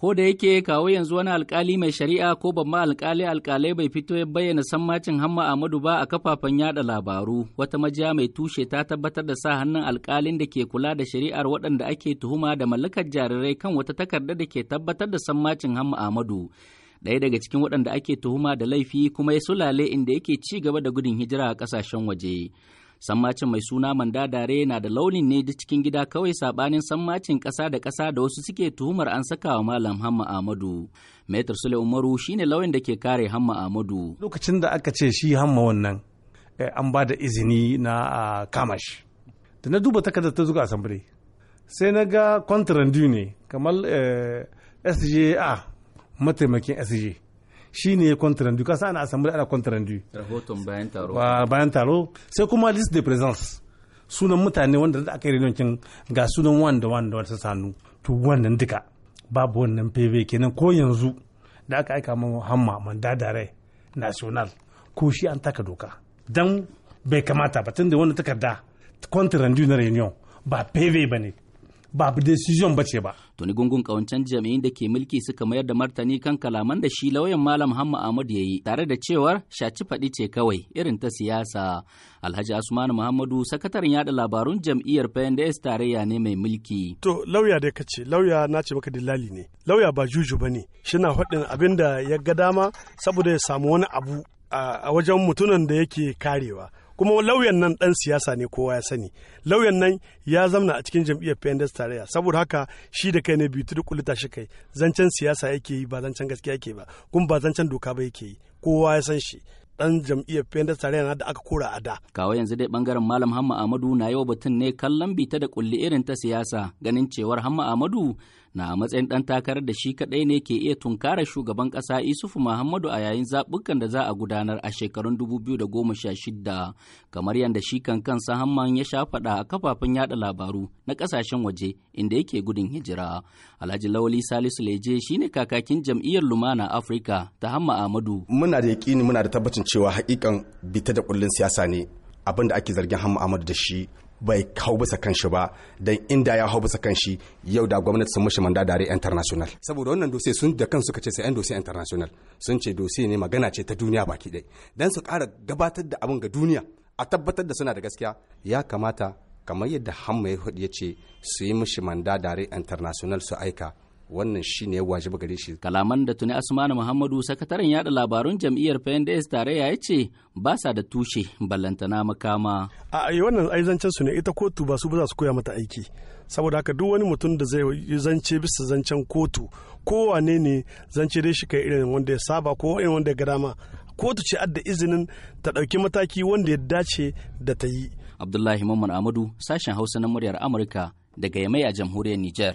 ko da yake kawo yanzu wani alkali mai shari'a ko babban alkali alkalai bai fito ya bayyana sammacin hamma Ahmadu ba a kafafen yada labaru wata majiya mai tushe ta tabbatar da sa hannun alkalin da ke kula da shari'ar waɗanda ake tuhuma da mallakar jarirai kan wata takarda da ke tabbatar da sammacin hamma Ahmadu ɗaya daga cikin waɗanda ake tuhuma da laifi kuma ya sulale inda yake ci gaba da gudun hijira a ƙasashen waje. sammacin mai suna manda dare na da launin ne da cikin gida kawai sabanin sammacin ƙasa da kasa da wasu suke tuhumar an saka wa malam hamma amadu metar sule umaru shine launin da ke kare hamma amadu lokacin da aka ce shi hamma wannan eh, an ba da izini na kamash da na duba takardar ta zuga asambare sai na ga kwantarandu ne kamar eh, sja mataimakin sja shi ne contrandu kasa ana assembly ana contrandu rahoton bayan taro bayan taro sai kuma list de presence sunan mutane wanda da aka yi reunion ga sunan wanda wanda wata sanu to wannan duka babu wannan pv kenan ko yanzu da aka aika mu hamma mandadare national ko shi an taka doka dan bai kamata ba tunda wannan takarda contrandu na reunion ba pv bane ba decision ba ce ba. Tuni gungun kawancan jami'in da ke mulki suka mayar da martani kan kalaman da shi lauyan Malam Hamma Ahmad ya yi tare da cewar shaci faɗi ce kawai irin ta siyasa. Alhaji Asmanu Muhammadu sakataren yada labarun jam'iyyar PNDS tarayya ne mai mulki. To lauya da ka ce lauya na ce maka dillali ne. Lauya ba juju ba ne. Shina faɗin abin da ya ga dama saboda ya samu wani abu a wajen mutumin da yake karewa. kuma lauyan nan dan siyasa ne kowa ya sani lauyan nan ya zamna a cikin jam'iyyar PNDS tarayya saboda haka shi da kai ne biyu tudu kulita shi kai zancen siyasa yake yi ba zancen gaskiya yake ba kuma ba zancen doka ba yake yi kowa ya san shi dan jam'iyyar PNDS tarayya na da aka kora a da kawai yanzu dai bangaren malam Hamma amadu na yau batun ne kallon bita da kulli irin ta siyasa ganin cewar Hamma amadu. na a matsayin ɗan takarar da shi kaɗai ne ke iya tunkara shugaban ƙasa isufu muhammadu a yayin zaɓukan da za a gudanar a shekarun dubu biyu da goma sha 2016 kamar yadda shi kan kansa hamman ya sha faɗa a kafafen yaɗa labaru na ƙasashen waje inda yake gudun hijira alhaji lawali salisu leje ne kakakin jam'iyyar lumana afirka ta hamma amadu muna da yaƙini muna da tabbacin cewa haƙiƙan bita da kullun siyasa ne abinda ake zargin hamma amadu da shi bai hau bisa kan shi ba dan inda ya hau bisa kan shi yau da gwamnati sun mishi manda dare international saboda wannan dosiye sun da kansu suka ce sai yan dosiye international sun ce dosiye ne magana ce ta duniya baki ɗaya dan su kara gabatar da abin ga duniya a tabbatar da suna da gaskiya ya kamata kamar yadda hamma ya ce su yi mishi manda dare international su aika wannan shi ne ya wajibi gare shi. Kalaman da tuni Asmanu Muhammadu sakataren yada labarun jam'iyyar PNDS tarayya ya ce ba sa da tushe ballantana makama. A wannan ai zancen su ne ita kotu ba su ba za su koya mata aiki. Saboda haka duk wani mutum da zai yi zance bisa zancen kotu kowane ne zance dai shi kai irin wanda ya saba ko irin wanda ya ga dama. Kotu ce adda izinin ta ɗauki mataki wanda ya dace da ta yi. Abdullahi Muhammad Amadu sashen Hausa na muryar Amurka daga Yamai a jamhuriyar Nijar.